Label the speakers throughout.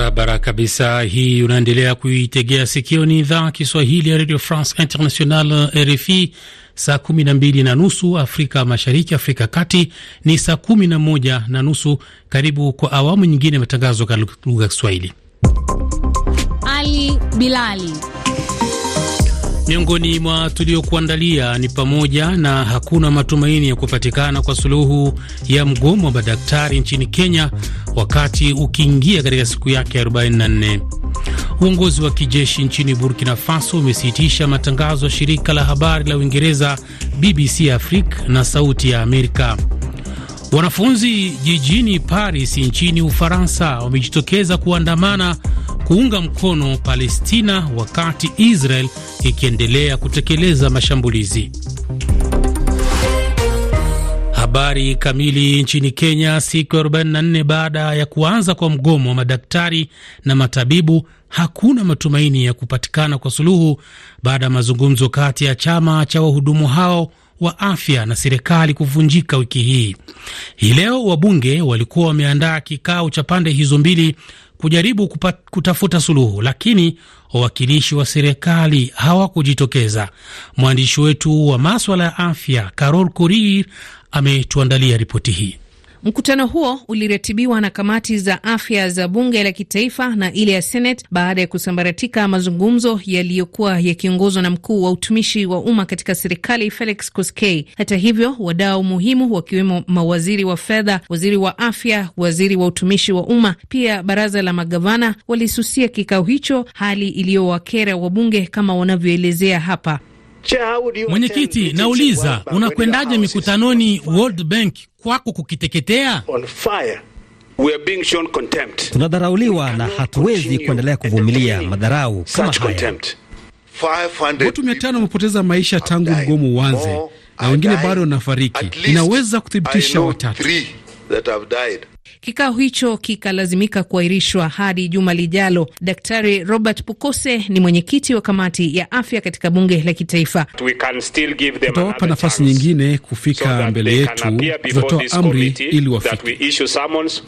Speaker 1: Barabara kabisa, hii unaendelea kuitegea sikio, ni idhaa Kiswahili ya Radio France International, RFI. Saa kumi na mbili na nusu Afrika Mashariki, Afrika Kati ni saa kumi na moja na nusu. Karibu kwa awamu nyingine ya matangazo kwa lugha ya Kiswahili.
Speaker 2: Ali Bilali
Speaker 1: Miongoni mwa tuliokuandalia ni pamoja na hakuna matumaini ya kupatikana kwa suluhu ya mgomo wa madaktari nchini Kenya wakati ukiingia katika siku yake 44. Uongozi wa kijeshi nchini Burkina Faso umesitisha matangazo ya shirika la habari la Uingereza BBC Afrique na Sauti ya Amerika. Wanafunzi jijini Paris nchini Ufaransa wamejitokeza kuandamana kuunga mkono Palestina wakati Israel ikiendelea kutekeleza mashambulizi. Habari kamili. Nchini Kenya, siku 44 baada ya kuanza kwa mgomo wa madaktari na matabibu, hakuna matumaini ya kupatikana kwa suluhu baada ya mazungumzo kati ya chama cha wahudumu hao wa afya na serikali kuvunjika wiki hii. Hii leo wabunge walikuwa wameandaa kikao cha pande hizo mbili kujaribu kutafuta suluhu, lakini wawakilishi wa serikali hawakujitokeza. Mwandishi wetu wa maswala ya afya Carol kurir ametuandalia ripoti hii.
Speaker 2: Mkutano huo uliratibiwa na kamati za afya za bunge la kitaifa na ile ya Senate baada ya kusambaratika mazungumzo yaliyokuwa yakiongozwa na mkuu wa utumishi wa umma katika serikali Felix Koskei. Hata hivyo, wadau muhimu wakiwemo mawaziri wa fedha, waziri wa afya, waziri wa utumishi wa umma, pia baraza la magavana, walisusia kikao hicho, hali iliyowakera wabunge kama wanavyoelezea hapa.
Speaker 1: Mwenyekiti, nauliza unakwendaje mikutanoni World Bank kwako kukiteketea?
Speaker 3: Tunadharauliwa na hatuwezi kuendelea kuvumilia madharau kama haya. Watu mia tano wamepoteza maisha tangu
Speaker 1: mgomo uanze na wengine bado wanafariki. Inaweza kuthibitisha watatu
Speaker 2: Kikao hicho kikalazimika kuahirishwa hadi juma lijalo. Daktari Robert Pukose ni mwenyekiti wa kamati ya afya katika bunge la kitaifa.
Speaker 1: Tutawapa nafasi nyingine kufika so mbele yetu, tutatoa amri ili wafike.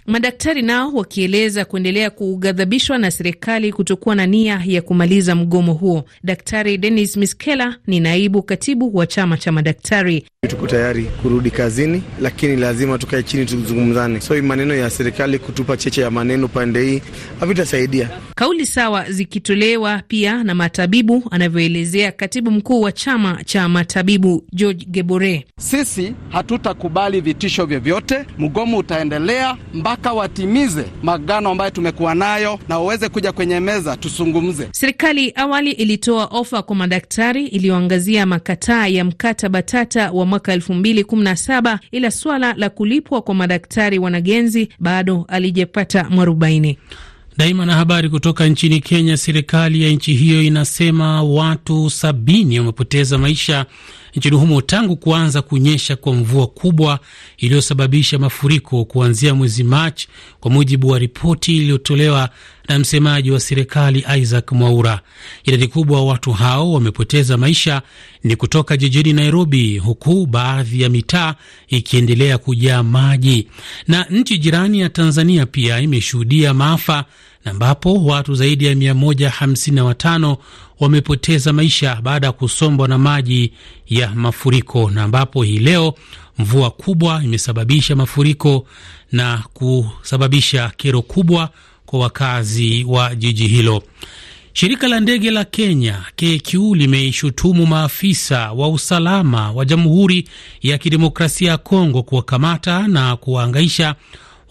Speaker 2: Madaktari nao wakieleza kuendelea kughadhabishwa na serikali kutokuwa na nia ya kumaliza mgomo huo. Daktari Denis Miskela ni naibu katibu wa
Speaker 4: chama cha madaktari. Tuko tayari kurudi kazini, lakini lazima tukae chini tuzungumzane, so maneno ya serikali kutupa cheche ya maneno pande hii havitasaidia.
Speaker 2: Kauli sawa zikitolewa pia na matabibu, anavyoelezea katibu mkuu wa chama cha
Speaker 3: matabibu George Gebore. Sisi hatutakubali vitisho vyovyote, mgomo utaendelea mpaka watimize magano ambayo tumekuwa nayo na waweze kuja kwenye meza
Speaker 5: tusungumze
Speaker 2: Serikali awali ilitoa ofa kwa madaktari iliyoangazia makataa ya mkataba tata wa mwaka 2017 ila swala la kulipwa kwa madaktari wanagenzi bado alijepata mwarobaini
Speaker 1: daima. Na habari kutoka nchini Kenya, serikali ya nchi hiyo inasema watu sabini wamepoteza maisha nchini humo tangu kuanza kunyesha kwa mvua kubwa iliyosababisha mafuriko kuanzia mwezi Machi, kwa mujibu wa ripoti iliyotolewa na msemaji wa serikali Isaac Mwaura. Idadi kubwa watu hao wamepoteza maisha ni kutoka jijini Nairobi, huku baadhi ya mitaa ikiendelea kujaa maji. Na nchi jirani ya Tanzania pia imeshuhudia maafa na ambapo watu zaidi ya 155 wamepoteza maisha baada ya kusombwa na maji ya mafuriko, na ambapo hii leo mvua kubwa imesababisha mafuriko na kusababisha kero kubwa kwa wakazi wa jiji hilo. Shirika la ndege la Kenya KQ limeishutumu maafisa wa usalama wa Jamhuri ya Kidemokrasia ya Kongo kuwakamata na kuwaangaisha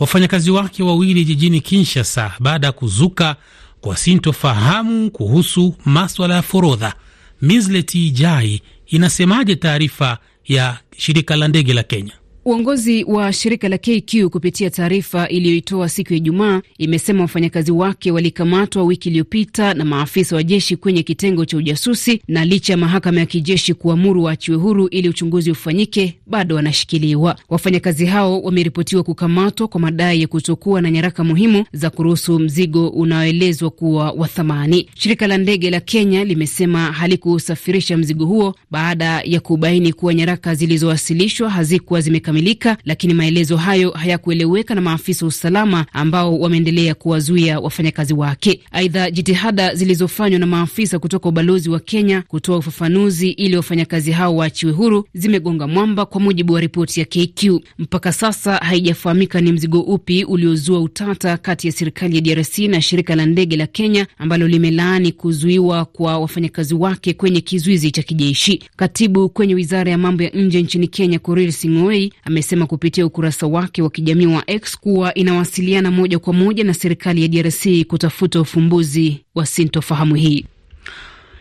Speaker 1: wafanyakazi wake wawili jijini Kinshasa baada ya kuzuka kwa sintofahamu kuhusu maswala ya forodha. Misleti Jai inasemaje taarifa ya shirika la ndege la Kenya?
Speaker 5: Uongozi wa shirika la KQ kupitia taarifa iliyoitoa siku ya Ijumaa imesema wafanyakazi wake walikamatwa wiki iliyopita na maafisa wa jeshi kwenye kitengo cha ujasusi, na licha ya mahakama ya kijeshi kuamuru waachiwe huru ili uchunguzi ufanyike, bado wanashikiliwa. Wafanyakazi hao wameripotiwa kukamatwa kwa madai ya kutokuwa na nyaraka muhimu za kuruhusu mzigo unaoelezwa kuwa wa thamani. Shirika la ndege la Kenya limesema halikusafirisha mzigo huo baada ya kubaini kuwa nyaraka zilizowasilishwa hazikuwa zimeka hayajakamilika, lakini maelezo hayo hayakueleweka na maafisa wa usalama ambao wameendelea kuwazuia wafanyakazi wake. Aidha, jitihada zilizofanywa na maafisa kutoka ubalozi wa Kenya kutoa ufafanuzi ili wafanyakazi hao waachiwe huru zimegonga mwamba, kwa mujibu wa ripoti ya KQ. Mpaka sasa haijafahamika ni mzigo upi uliozua utata kati ya serikali ya DRC na shirika la ndege la Kenya ambalo limelaani kuzuiwa kwa wafanyakazi wake kwenye kizuizi cha kijeshi. Katibu kwenye wizara ya mambo ya nje nchini Kenya, Korir Sing'oei, amesema kupitia ukurasa wake wa kijamii wa X kuwa inawasiliana moja kwa moja na serikali ya DRC kutafuta ufumbuzi wa sintofahamu hii.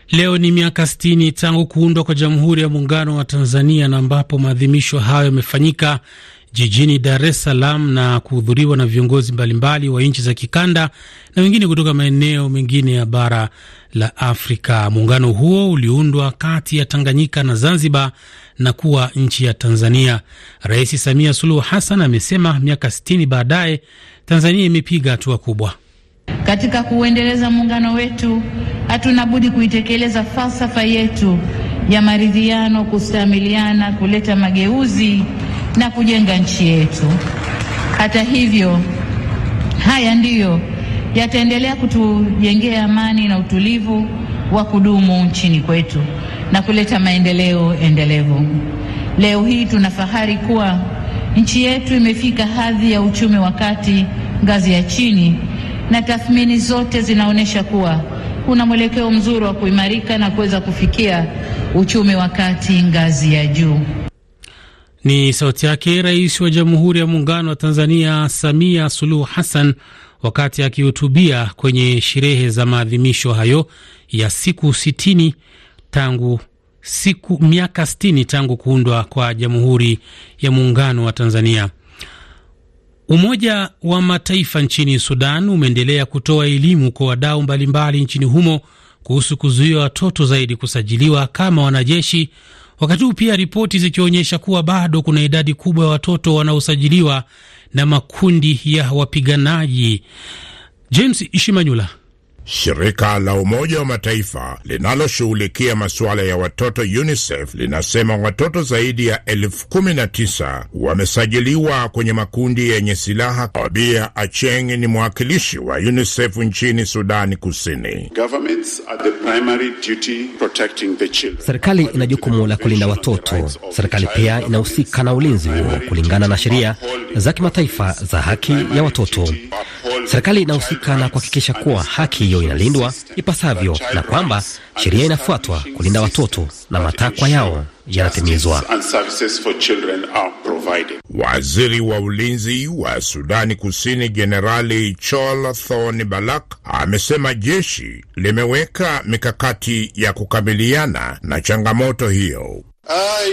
Speaker 1: Leo ni miaka 60 tangu kuundwa kwa Jamhuri ya Muungano wa Tanzania, na ambapo maadhimisho hayo yamefanyika jijini Dar es Salaam na kuhudhuriwa na viongozi mbalimbali wa nchi za kikanda na wengine kutoka maeneo mengine ya bara la Afrika. Muungano huo uliundwa kati ya Tanganyika na Zanzibar na kuwa nchi ya Tanzania. Rais Samia Suluhu Hassan amesema miaka 60 baadaye Tanzania imepiga hatua kubwa
Speaker 2: katika kuuendeleza muungano wetu. Hatuna budi kuitekeleza falsafa yetu ya maridhiano, kustamiliana, kuleta mageuzi na kujenga nchi yetu. Hata hivyo, haya ndiyo yataendelea kutujengea amani na utulivu wa kudumu nchini kwetu na kuleta maendeleo endelevu. Leo hii tuna fahari kuwa nchi yetu imefika hadhi ya uchumi wa kati ngazi ya chini, na tathmini zote zinaonyesha kuwa kuna mwelekeo mzuri wa kuimarika na kuweza kufikia uchumi wa kati ngazi
Speaker 5: ya juu.
Speaker 1: Ni sauti yake Rais wa Jamhuri ya Muungano wa Tanzania, Samia Suluhu Hassan, wakati akihutubia kwenye sherehe za maadhimisho hayo ya siku sitini tangu siku miaka 60 tangu kuundwa kwa Jamhuri ya Muungano wa Tanzania. Umoja wa Mataifa nchini Sudan umeendelea kutoa elimu kwa wadau mbalimbali nchini humo kuhusu kuzuia watoto zaidi kusajiliwa kama wanajeshi, wakati huu pia ripoti zikionyesha kuwa bado kuna idadi kubwa ya watoto wanaosajiliwa na makundi ya wapiganaji. James Ishimanyula
Speaker 4: Shirika la Umoja wa Mataifa linaloshughulikia masuala ya watoto UNICEF linasema watoto zaidi ya elfu kumi na tisa wamesajiliwa kwenye makundi yenye silaha. Abia Acheng ni mwakilishi wa UNICEF nchini Sudani Kusini. Serikali ina jukumu la kulinda
Speaker 3: watoto. Serikali pia inahusika na ulinzi huo kulingana na sheria za kimataifa za haki ya watoto. Serikali inahusika na kuhakikisha kuwa haki hiyo inalindwa ipasavyo na kwamba sheria inafuatwa kulinda watoto na matakwa yao
Speaker 4: yanatimizwa. Waziri wa ulinzi wa Sudani Kusini Jenerali Chol Thon Balak amesema jeshi limeweka mikakati ya kukabiliana na changamoto hiyo. I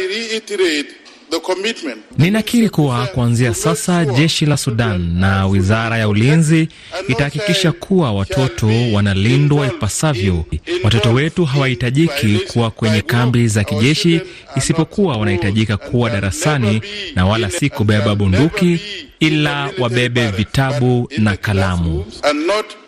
Speaker 4: Ninakiri kuwa kuanzia sasa jeshi la Sudan na wizara ya ulinzi itahakikisha kuwa watoto wanalindwa ipasavyo. Watoto wetu hawahitajiki kuwa kwenye kambi za kijeshi, isipokuwa wanahitajika kuwa darasani na wala si kubeba bunduki, ila wabebe vitabu na kalamu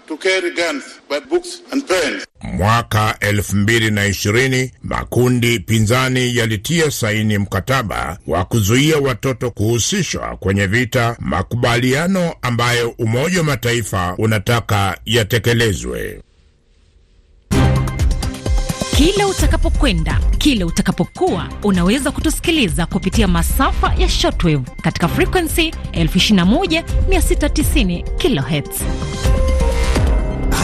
Speaker 4: to carry guns, but books and pens. Mwaka 2020 makundi pinzani yalitia saini mkataba wa kuzuia watoto kuhusishwa kwenye vita, makubaliano ambayo Umoja wa Mataifa unataka yatekelezwe.
Speaker 5: Kile utakapokwenda, kile utakapokuwa, unaweza kutusikiliza kupitia masafa ya shortwave katika frekuensi 21690 kilohertz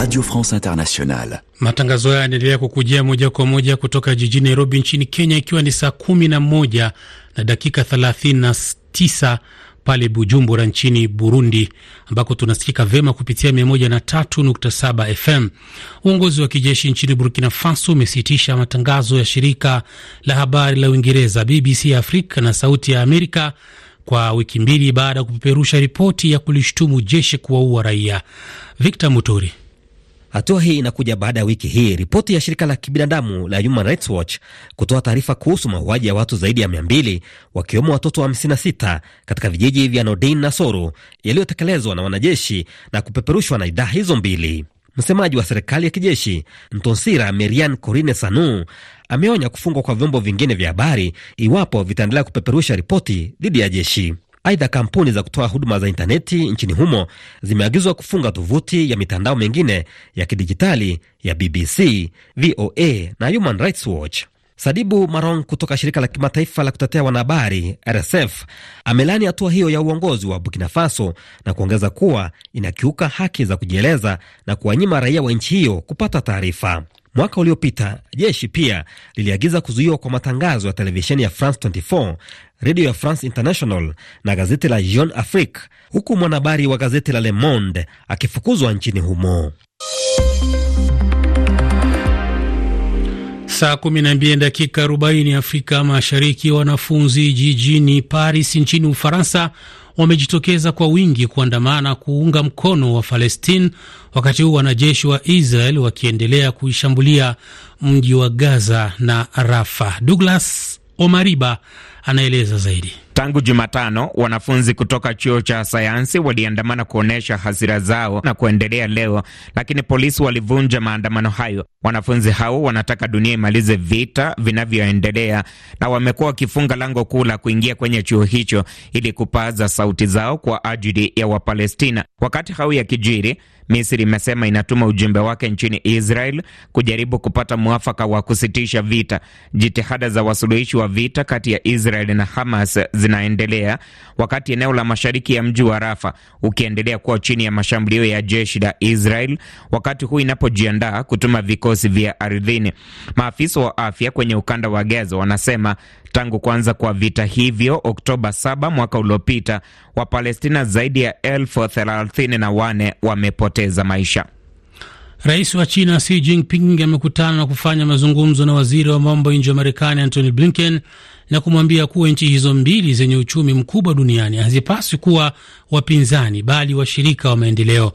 Speaker 4: Radio France Internationale.
Speaker 1: Matangazo haya yanaendelea kukujia moja kwa moja kutoka jijini Nairobi nchini Kenya, ikiwa ni saa kumi na moja na dakika thelathini na tisa pale Bujumbura nchini Burundi, ambako tunasikika vema kupitia 103.7 FM. Uongozi wa kijeshi nchini Burkina Faso umesitisha matangazo ya shirika la habari la Uingereza BBC Afrika na Sauti ya Amerika kwa wiki mbili baada ya kupeperusha ripoti
Speaker 3: ya kulishutumu jeshi kuwaua raia. Victor Muturi Hatua hii inakuja baada ya wiki hii ripoti ya shirika la kibinadamu la Human Rights Watch kutoa taarifa kuhusu mauaji ya watu zaidi ya 200 wakiwemo watoto wa 56 katika vijiji vya Nordin na Soro yaliyotekelezwa na wanajeshi na kupeperushwa na idhaa hizo mbili. Msemaji wa serikali ya kijeshi Mtonsira Merian Corine Sanu ameonya kufungwa kwa vyombo vingine vya habari iwapo vitaendelea kupeperusha ripoti dhidi ya jeshi. Aidha, kampuni za kutoa huduma za intaneti nchini humo zimeagizwa kufunga tovuti ya mitandao mingine ya kidijitali ya BBC, VOA na Human Rights Watch. Sadibu Marong kutoka shirika la kimataifa la kutetea wanahabari RSF amelani hatua hiyo ya uongozi wa Burkina Faso na kuongeza kuwa inakiuka haki za kujieleza na kuwanyima raia wa nchi hiyo kupata taarifa. Mwaka uliopita jeshi pia liliagiza kuzuiwa kwa matangazo ya televisheni ya France 24, redio ya France International na gazeti la Jeune Afrique, huku mwanahabari wa gazeti la Le Monde akifukuzwa nchini humo. Saa kumi na mbili dakika arobaini Afrika Mashariki.
Speaker 1: Wanafunzi jijini Paris nchini Ufaransa wamejitokeza kwa wingi kuandamana kuunga mkono wa Palestine, wakati huu wanajeshi wa Israel wakiendelea kuishambulia mji wa Gaza na Rafa. Douglas Omariba anaeleza zaidi.
Speaker 4: Tangu Jumatano, wanafunzi kutoka chuo cha sayansi waliandamana kuonyesha hasira zao na kuendelea leo, lakini polisi walivunja maandamano hayo. Wanafunzi hao wanataka dunia imalize vita vinavyoendelea na wamekuwa wakifunga lango kuu la kuingia kwenye chuo hicho ili kupaza sauti zao kwa ajili ya Wapalestina. Wakati hao ya kijiri Misri imesema inatuma ujumbe wake nchini Israel kujaribu kupata mwafaka wa kusitisha vita. Jitihada za wasuluhishi wa vita kati ya Israel na Hamas zinaendelea wakati eneo la mashariki ya mji wa Rafa ukiendelea kuwa chini ya mashambulio ya jeshi la Israel, wakati huu inapojiandaa kutuma vikosi vya ardhini. Maafisa wa afya kwenye ukanda wa Gaza wanasema tangu kuanza kwa vita hivyo Oktoba 7 mwaka uliopita Wapalestina zaidi ya elfu thelathini na wane wamepoteza maisha.
Speaker 1: Rais wa China Xi Jinping amekutana na kufanya mazungumzo na waziri wa mambo ya nje wa Marekani Antony Blinken na kumwambia kuwa nchi hizo mbili zenye uchumi mkubwa duniani hazipaswi kuwa wapinzani bali washirika wa maendeleo.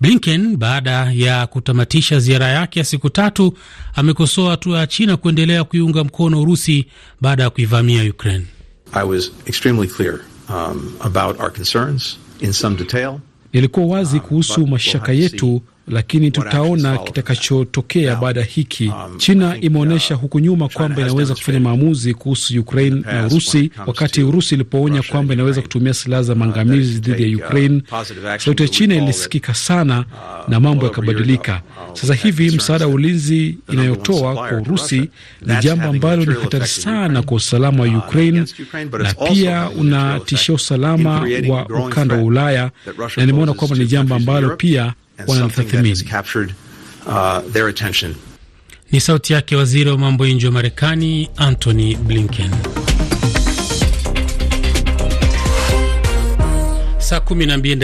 Speaker 1: Blinken, baada ya kutamatisha ziara yake ya siku tatu, amekosoa hatua ya China kuendelea kuiunga mkono Urusi baada ya kuivamia
Speaker 2: Ukraine. I was extremely clear Um, about our concerns in some detail.
Speaker 1: Ilikuwa wazi uh, kuhusu mashaka yetu lakini tutaona kitakachotokea baada ya hiki. Um, China imeonyesha uh, huku nyuma kwamba inaweza kufanya maamuzi kuhusu Ukraine na Urusi, wakati Urusi ilipoonya kwamba inaweza kutumia silaha za uh, maangamizi dhidi ya uh, Ukraine. Sauti ya China ilisikika sana na mambo yakabadilika. Sasa hivi msaada wa ulinzi inayotoa kwa Urusi ni jambo ambalo ni hatari sana kwa usalama wa um, Ukraine na pia unatishia usalama wa ukanda wa Ulaya, na nimeona kwamba ni jambo ambalo pia wanamthathimini.
Speaker 3: Uh,
Speaker 1: ni sauti yake waziri wa mambo ya nje wa Marekani Antony Blinken.
Speaker 3: Saa kumi na mbili